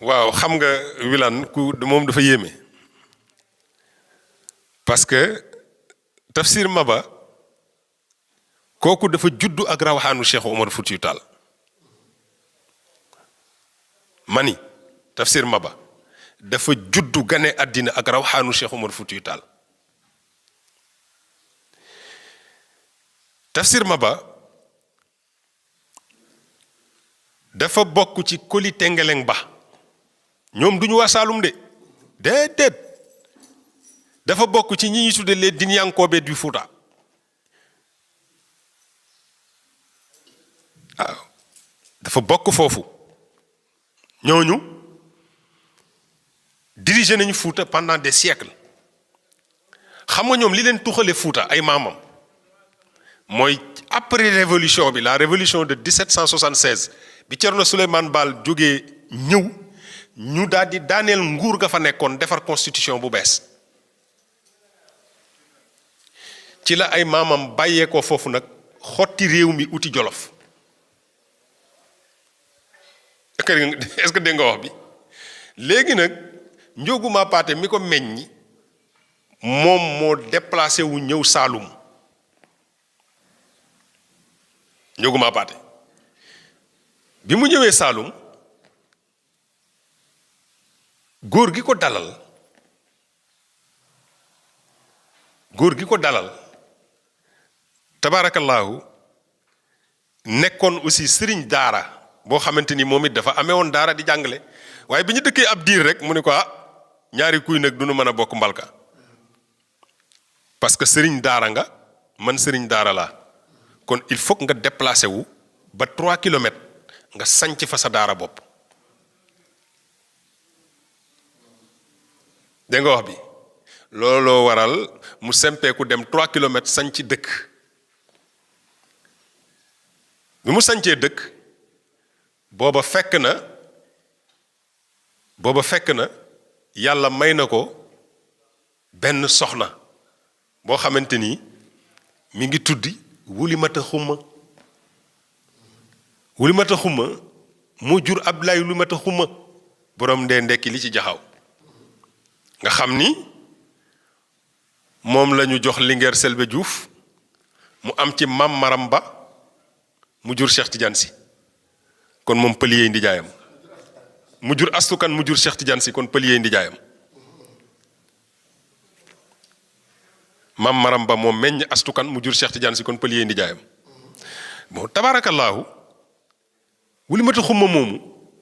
waaw xam nga Wilane ku moom dafa yéeme parce que Tafsir Maba kooku dafa judd ak rawaxaanu Cheikh Omar Foutiou Tall mani Tafsir Maba dafa juddu gane àddina ak rawaxaanu Cheikh Omar Foutiou Tall Tafsir Maba dafa bokk ci koli tengeleng ba ñom duñu ñu waa Saalum de déedéet dafa bokk ci ñi ñuy tudde les Diniankoobe du Fouta waaw dafa bokk fofu. ñooñu diriger nañu Fouta pendant des siècles xam nga ñoom li leen tuxale Fouta ay mamam moy après révolution bi la révolution de 1776 bi Thierno souleyman Baal jógee ñëw. ñu daal di daaneel nguur ga fa nekkoon defar constitution bu bees ci la ay maamam bàyyee foofu nag xotti réew mi uti jolof est-ce que dégg nga wax bi léegi nag njóogu maa paate mi ko meññi moom moo déplacé wu ñëw saalum njóogu paate bi mu ñëwee saalum gurgi gi ko dalal góor gi ko dalal tabaarakallaahu nekkoon aussi sëriñ daara boo xamante ni dafa amee woon daara di jàngale waaye bi ñu dëkkee rek mu ne ko ah ñaari kuy nag du nu mën mbalka parce que sëriñ nga man sering daara laa kon il faut nga déplacé wu ba 3 kilomètres nga sanc fa sa daara bop. dégg nga wax bi looloo waral mu sempeeku dem trois kilomètres sanc dëkk bi mu sancee dëkk booba fekk na booba fekk na yàlla may na ko benn soxna boo xamante ni mi ngi tuddi wulimata xumma wulimata xumma mu jur ab abdulaay wulimata xumma borom ndee ndekki li ci jaxaw nga xam ni moom la ñu jox Linguère Selbe Diouf mu am ci mam maram ba mu jur Cheikh Tidiane si kon moom pël yee ndi jaayam mu jur astukan mu jur Cheikh Tidiane si mam maram ba moom meññ astukan mu jur Cheikh Tidiane si kon pël yee ndi jaayam bon tabaarakallaahu wuli mata xumma moomu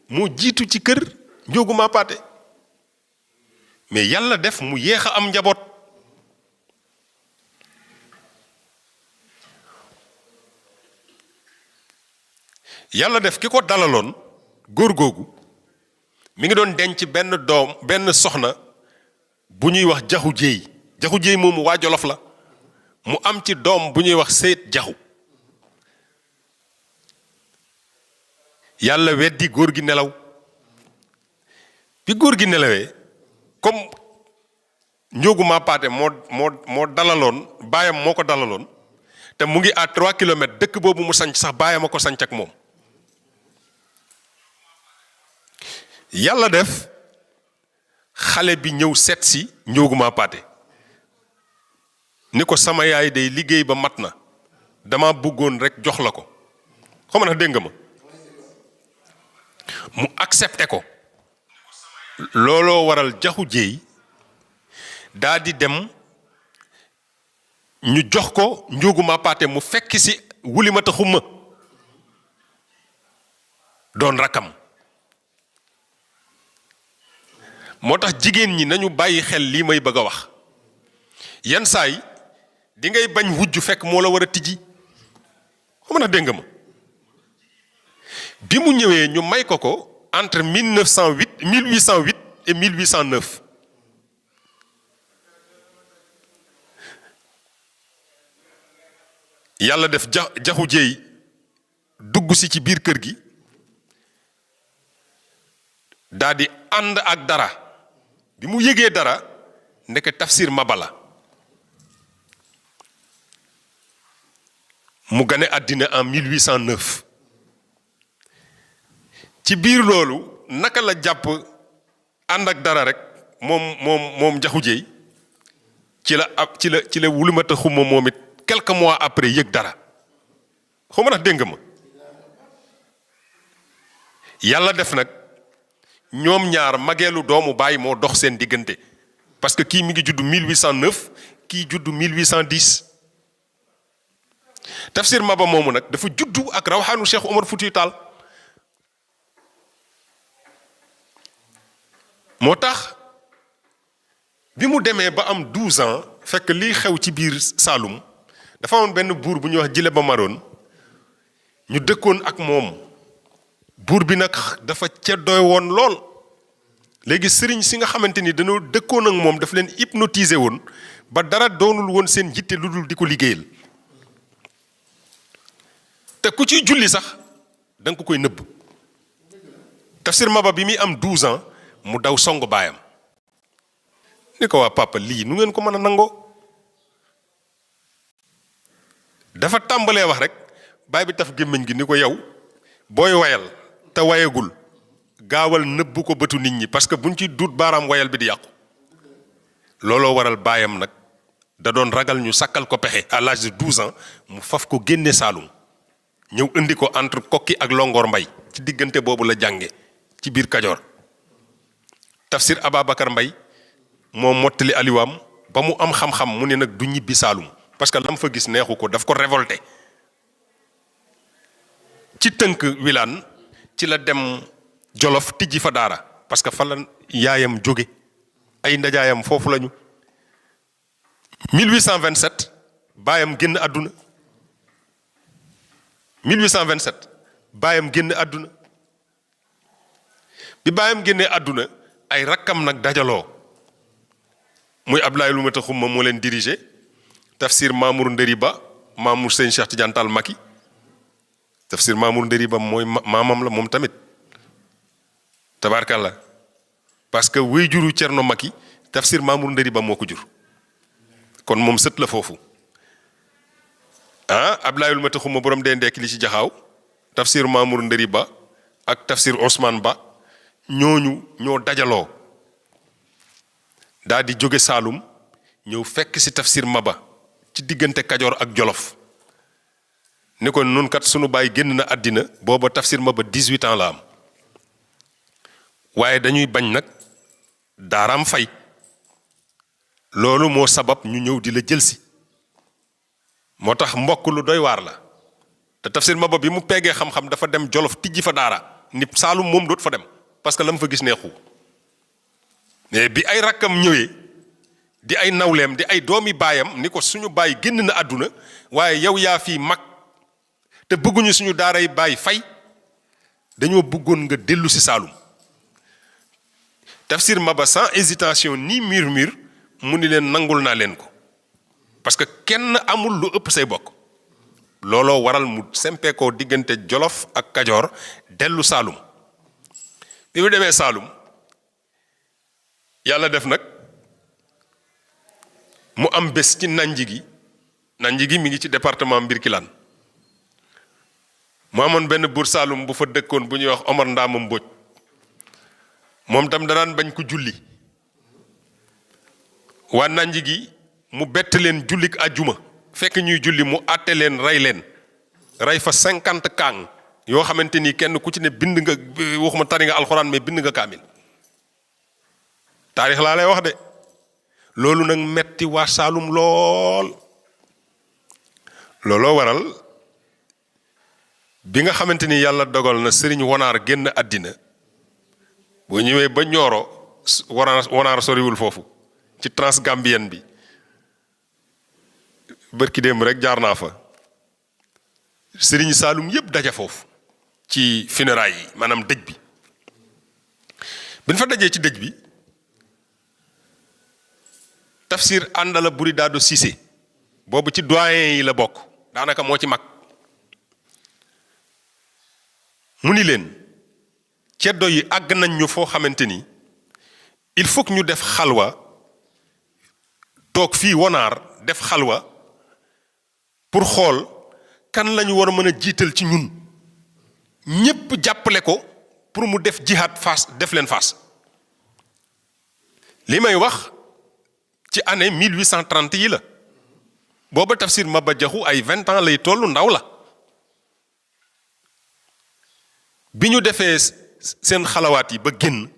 moo jiitu ci kër njóogu paate mais yàlla def mu yéex a am njaboot yàlla def ki ko dalaloon góor googu mi ngi doon denc benn doom benn soxna bu ñuy wax jaxu jéey jaxu jéey moomu waa Jolof la mu am ci doom bu ñuy wax seet jaxu yàlla weddi góor gi nelaw bi góor gi nelawee comme Ndiogou Mapaté moo moo moo dalaloon baayam moo ko dalaloon te mu ngi à trois kilomètres dëkk boobu mu sanc sax baayam a ko sanc ak moom yàlla def xale bi ñëw seet si Ndiogou Mapaté ni ko sama yaay day liggéey ba mat na dama bëggoon rek jox la ko xam nga dégg nga ma mu accepté ko looloo waral jaxu jéey daldi dem ñu jox ko njuugu mu fekk si wulimata xumma doon rakkam moo tax jigéen ñi nañu bàyyi xel lii may bëgg a wax yenn saay di ngay bañ wujj fekk moo la war a tijji xam na dégg ma bi mu ñëwee ñu may ko ko entre 1908, 1808 et 1809. yalla def Jahujay Djey jéey dugg si ci dimu kër gi di ak dara bi mu dara tafsir mabala, mu gane en 1809 ci biir loolu naka la jàpp ànd ak dara rek moom moom moom njaxu jéy ci la ab ci la ci la wulumata xuma moom it quelques mois après yëg dara xuma nag dégg ma yàlla def nag ñoom ñaar mageelu doomu baay moo dox seen diggante parce que kii mu ngi judd 1809 kii judd 1810 tafsir maba moomu nag dafa juddu ak rawxaanu Cheikh Omar Fouti Tall moo tax bi mu demee ba am 12 ans fekk lii xew ci biir Saalum dafa amoon benn buur bu ñuy wax jile ba maroon ñu dëkkoon ak moom buur bi nag dafa ceddooy woon lool léegi sëriñ si nga xamante ni dañoo dëkkoon ak moom dafa leen hypnotisé woon ba dara doonul woon seen jitte lu dul di ko liggéeyal te ku ciy julli sax da ko koy nëbb tafsir maba bi muy am 12 ans mu daw songu bayam ni ko papa lii nu ngeen ko meuna nango dafa tambale wax rek bay bi taf gemmiñ gi ni ko yow wayal te wayegul gawal neub ko betu nit ñi parce que buñ ci dut baram wayal bi di yaq lolo waral bayam nak, da doon ragal ñu sakal ko pexé à l'âge de 12 ans mu faf ko genné Saalum ñëw indi ko entre kokki ak longor mbay ci digënté bobu la ci biir kadior tafsir Ababacar Mbay moo mottali aliwaam ba mu am xam-xam mu ne nag du ñibbi Saalum parce que lam fa gis neexu ko daf ko révolté ci tënk wilaan ci la dem Jolof tijji fa daara parce que fa la yaayam jóge ay ndajaayam foofu lañu 1827 baayam génn àdduna 1827 baayam génn àdduna bi baayam génnee àdduna ay rakkam nag dajaloo muy Abdoulaye Loumata Khouma moo leen dirigé tafsir Mamour Ndëri Ba Mamour Sëñ Cheikh Tidiane Tall Maki tafsir Mamour Ndëri Ba mooy maamam la moom tamit la parce que wuy juru Cerno Maki tafsir Mamour Ndëri Ba moo ko jur kon moom sët la foofu ah Abdoulaye Loumata ma borom dee ndekki li ci jaxaaw tafsir Mamour Ndëri Ba ak tafsir Ousmane Ba ñooñu ñoo dajaloo daa di jóge Saalum ñëw fekk ci tafsir Maba ci diggante Kajoor ak Jolof ni ko nun kat sunu baay génn na àddina booba tafsir Maba 18 ans la am waaye dañuy bañ nag daaraam fay loolu moo sabab ñu ñëw di la jëlsi moo tax mbokk lu doy waar la te tafsir Maba bi mu peegee xam-xam dafa dem Jolof tijji fa daara ni Saalum moom doot fa dem parce que la mu fa gis neexu mais bi ay rakkam ñëwee di ay nawleem di ay doomi baayam ni ko suñu baay génn na àdduna waaye yow yaa fii mag te bëgguñu suñu daaray baay fay dañoo bëggoon nga dellu si Saalum Tafsir Maba sans hésitation ni murmure mu ni leen nangul naa leen ko parce que kenn amul lu ëpp say bokk looloo waral mu sempeekoo diggante Jolof ak Kajoor dellu Saalum bi mu demee saalum yàlla def nag mu am bés ci nanji gi nanji gi mi ngi ci département mu amoon benn buur saalum bu fa dëkkoon bu ñuy wax Omar Ndaama Mbóoj moom tam danaan bañ ko julli waa nanji gi mu betelen leen jullik àjjuma fekk ñuy julli mu atelen leen rey leen rey fa cinquante yo xamanteni kenn ku ci ne bind nga waxuma tari nga alxuraan mais bind nga kamil tarikh la lay wax de lolou nak metti wa salum lol lolo waral bi nga xamanteni yalla dogal na serigne wonar genn adina bo ñewé ba wonar wonar sori wul fofu ci transgambien bi barki dem rek jaar fa serigne salum yeb daja fofu ci funérailles yi maanaam dëj bi biñ fa dajee ci dëj bi tafsir àndala buri daado Cissé boobu ci doyen yi la bokk daanaka moo ci mag mu ni leen ceddo yi àgg nañ ñu foo xamante ni il faut ñu def xalwa toog fii wonaar def xalwa pour xool kan lañu war a mën a jiital ci ñun ñépp jàppale ko pour mu def jihad fas def leen fas li may wax ci année 1830 yi la booba Tafsir ba Jaxu ay vingt ans lay tollu ndaw la bi ñu defee seen xalawaat yi ba génn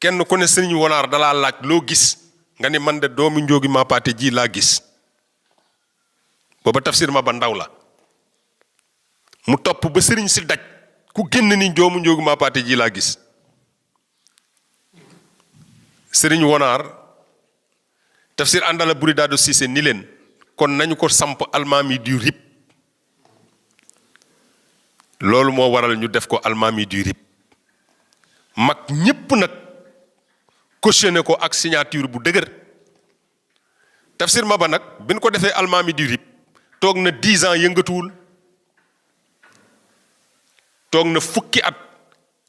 kenn ku ne sëriñ wonaar dalaa laaj loo gis nga ni man de doomu njóogi maapaate ji laa gis booba Tafsir ba ndaw la mu topp ba sëriñ si daj ku génn ni joomu njóogu maa laa gis sëriñ wonaar tafsir àndala buri daado siise ni leen kon nañu ko samp almaami du rip loolu moo waral ñu def ko almaami du rip mag ñépp nag cautionné ko ak signature bu dëgër tafsir maba nag bi ñu ko defee almaami du rip toog na dix ans yëngatuwul toog na fukki at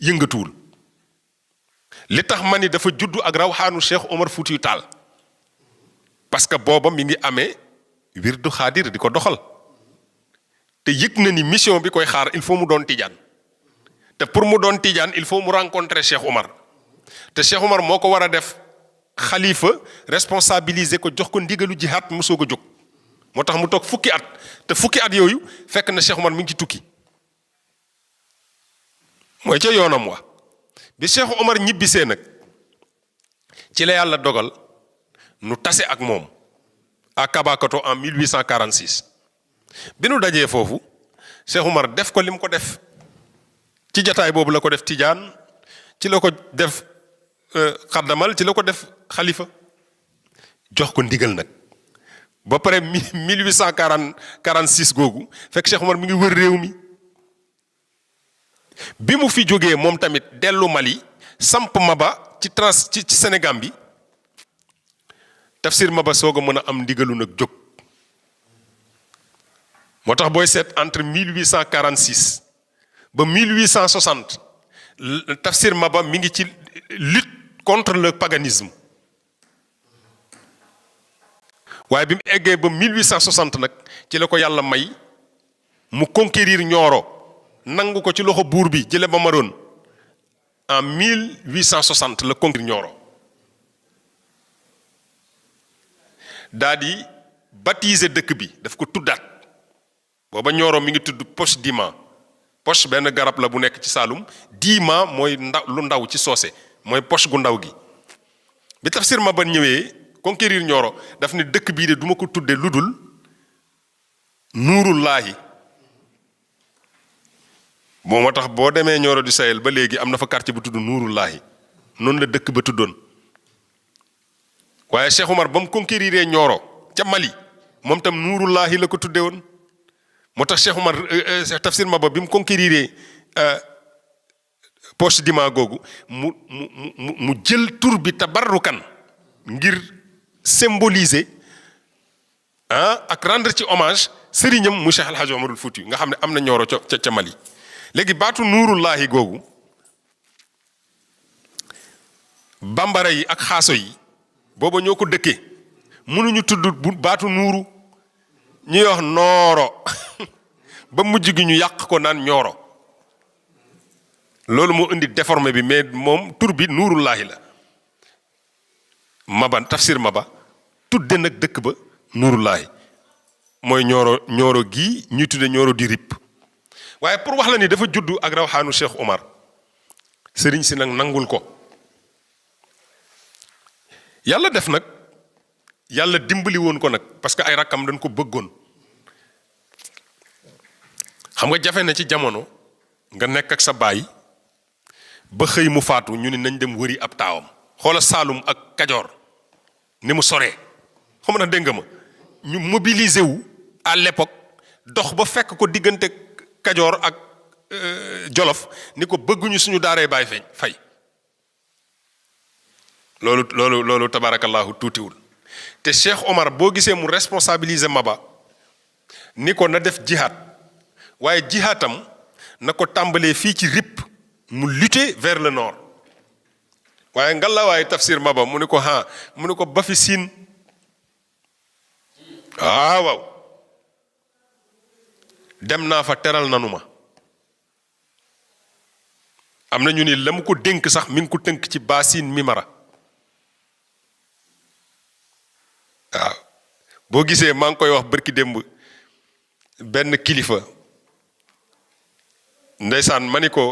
yëngatuwul li tax mani dafa juddu ak rawxaanu Cheikh Omar futi tal. parce que booba mi ngi amé wirdu khadir di ko doxal te yek na ni mission bi koy xaar il faut mu don tidiane te pour mu don tidiane il faut mu rencontrer Cheikh Omar te Cheikh Omar moko wara def khalifa responsabiliser ko jox ko ndigalu jihad mu soog motax mu tok fukki at te fukki at yoyu fekk na Cheikh Omar mi ngi ci tukki. mooy ca yoonam wa bi Cheikh Omar ñibbisee nag ci la yàlla dogal nu tase ak moom a Kabakato en 1846 bi nu dajee foofu Cheikh Omar def ko lim ko def ci jataay boobu la ko def tijaan ci la ko def euh, xaddamal ci la ko def xalifa jox ko ndigal nag ba pare 1846 googu fekk Cheikh Omar mi ngi wër réew mi. bi mu fi jógee moom tamit dellu Mali samp Maba ci trans ci ci Sénégal bi Tafsir Maba soog a mën a am ndigalu nag jóg moo tax booy seet entre 1846 ba 1860 Tafsir Maba mi ngi ci lutte contre le paganisme waaye bi mu eggee ba 1860 nag ci la ko yàlla may mu conquérir Nioro nangu ko ci loxo buur bi jële ba Maroon en 1860 la conquérir Nioro daa di dëkk bi daf ko tuddaat booba ñooro mi ngi tudd Poche Dima Poche benn garab la bu nekk ci Saalum Dima mooy ndaw lu ndaw ci soose mooy Poche gu ndaw gi bi Tafsir Mabane ñëwee conquérir Nioro daf ne dëkk bii de duma ko tuddee lu dul nuurullaahi moom moo tax boo demee ñooro di Sahel ba léegi am na fa quartier bu tudd Nuurullaahi noonu la dëkk ba tuddoon waaye Cheikh Umar ba mu conquérir ñooro ca Mali moom tam Nuurullaahi la ko tudde woon moo tax Cheikh Umar ma euh, euh, Maba bi mu conquérir euh, poche dima googu mu mu mu mu jël tur bi tabarrukan ngir symboliser ah ak rendre ci hommage sëriñam mu Cheikh El Hadj Omarul Fouti nga xam ne am na Nioro ca ca Mali. léegi baatu nuurullaahi googu bambara yi ak xaaso yi booba ñoo ko dëkkee mënuñu tudd bu baatu nuuru ñuy wax nooro ba mujj gi ñu yàq ko naan ñooro loolu moo indi déformé bi mais moom tur bi nuurullaahi la maba tafsir maba tudde nag dëkk ba nuurullaahi mooy ñooro ñooro gii ñuy tudde ñooro di rip waaye pour wax la ni dafa juddu ak rawxaanu Cheikh Omar sëriñ si nag nangul ko yàlla def nag yàlla dimbali woon ko nag parce que ay rakkam dañ ko bëggoon xam nga jafe na ci jamono nga nekk ak sa baay ba xëy mu faatu ñu ni nañ dem wëri ab taawam xoola Saalum ak Kajoor ni mu soree xam na dégg nga ma ñu mobiliser wu à dox ba fekk ko diggante. kajoor ak euh, jolof ni ko bëgguñu suñu daaree baay feeñ fay loolu loolu loolu tuutiwul te Cheikh Omar boo gisee mu responsabiliser Maba ni ko na def jihaat waaye jihaatam na ko tàmbalee fii ci RIP mu lutter vers le nord waaye ngalla waaye tafsir Maba mu ni ko ha mu ni ko bafi siin ah, waaw dem naa fa teral nanu ma am na ñu ni la mu ko dénk sax mi ngi ko tënk ci baasin mimara waaw boo gisee maa ngi koy wax bërki démb benn kilifa ndeysaan ma ni ko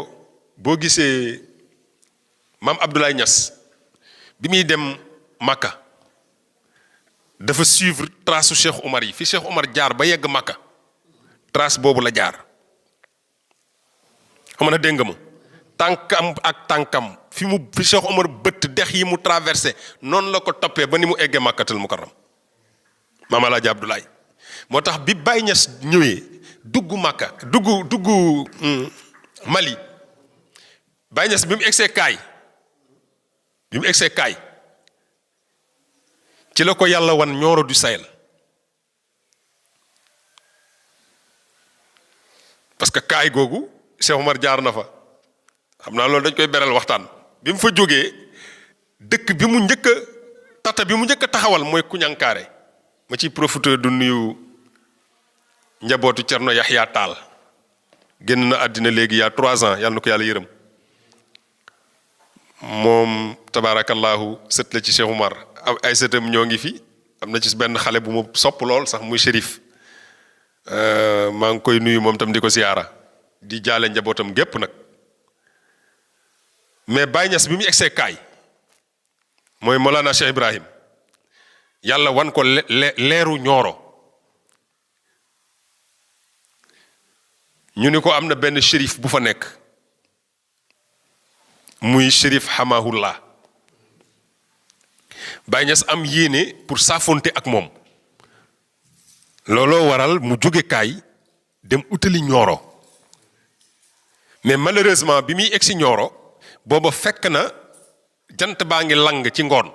boo gisee maam Abdoulaye Niass bi muy dem Makka dafa suivre trace su Cheikh yi fi Cheikh Omar jaar ba yegg Makka trace bobu la jaar xamana na mu tankam ak tankam fi mu fi Cheikh Omar beut dex yi mu traverser non la ko topé ba ni mu eggee makkatul mukarram mama la jabdoulay motax bi Baye Niass duggu mm, Mali Baye bim bi mu egsee kaay bi mu egsee kaay ci la ko wan ñoro du parce que kaay googu Cheikh Omar jaar na fa xam naa loolu dañ koy beral waxtaan bi mu fa jógee dëkk bi mu njëkk a tata bi mu njëkk a taxawal mooy Kuñankaare ma ciy profité du nuyu njabootu Cerno Yaxya Taal génn na àddina léegi yaa trois ans yàlla na ko yàlla yërëm moom tabaarakallaahu sët la ci Cheikh Omar ay sëtam ñoo ngi fi am na ci benn xale bu mu sopp lool sax muy shérif Euh, maa ngi koy nuyu moom tam di ko siyaara di jaale njabootam gépp nag mais Baye Niass bi mu egsee kaay mooy Mawlana Cheikh Ibrahim yàlla wan ko leeru ñooro ñu ni ko am na benn shérif bu fa nekk muy shérif Hamahullah Baye Niass am yéene pour saafonte ak moom looloo waral mu jóge kaay dem utali ñooro mais malheureusement bi muy egg si ñooro booba fekk na jant baa ngi lang ci ngoon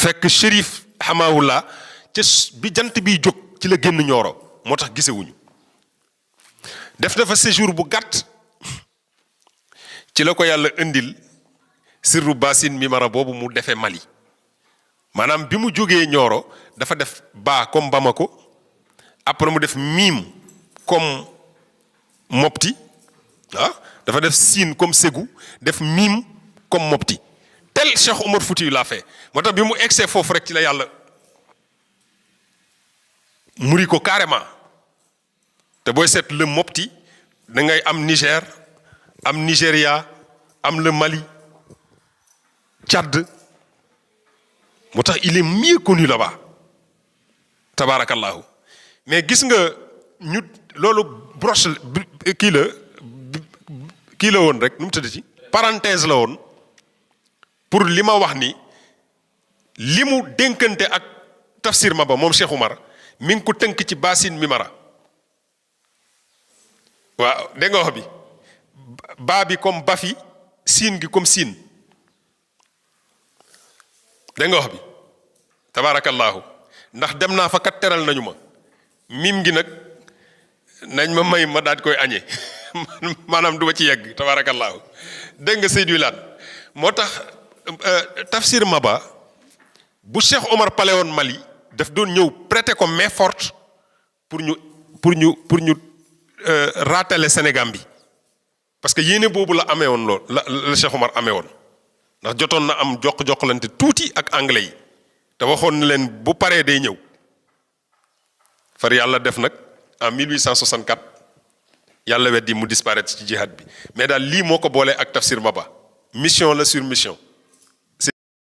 fekk shérif xamaawula ca bi jant biy jóg ci la génn ñooro moo tax gisewuñu def dafa séjour bu gàtt ci la ko yàlla indil sirru basin mi mara boobu mu defee Mali manam bimu mu ñoro dafa def ba comme Bamako après mu def miim comme Mopti ah dafa def siin comme Ségou def miim comme Mopti tel Cheikh Omar Fouti l'a fait motax bimu bi fofu rek ci la yalla muri ko carrément te boy seet le Mopti da ngay am Niger am nigeria am le Mali Tchad. moo tax il est mieux connu là-bas tabaarakallaahu mais gis nga ñu loolu broche kii la woon rek nu mu tëdd ci parenthèse la woon pour li ma wax ni li mu dénkante ak tafsir ma ba moom Cheikh Umar mi ngi ko tënk ci baasin mi mara waaw dégg bi baa bi comme bafi siin gi comme siin dégg nga wax bi tabaarakallaahu ndax dem naa fa kat teral nañu ma miim gi nag nañ ma may ma daal di koy añee maanaam du ma ci yegg tabaarakallaahu dégg nga Seydou Wilane moo tax euh, tafsir Maba bu Cheikh Omar pale woon Mali daf doon ñëw prêter ko mais forte pour ñu pour ñu pour ñu euh, raatale Sénégal bi parce que yéene boobu la amee woon lool la la Cheikh amee woon. ndax jotoon na am jox joxlante tuuti ak anglais yi te waxoon na leen bu paree day ñëw far yàlla def nag en 1864 yàlla weddi mu disparaître ci jihad bi mais daal lii moo ko boolee ak Tafsir Maba mission la sur mission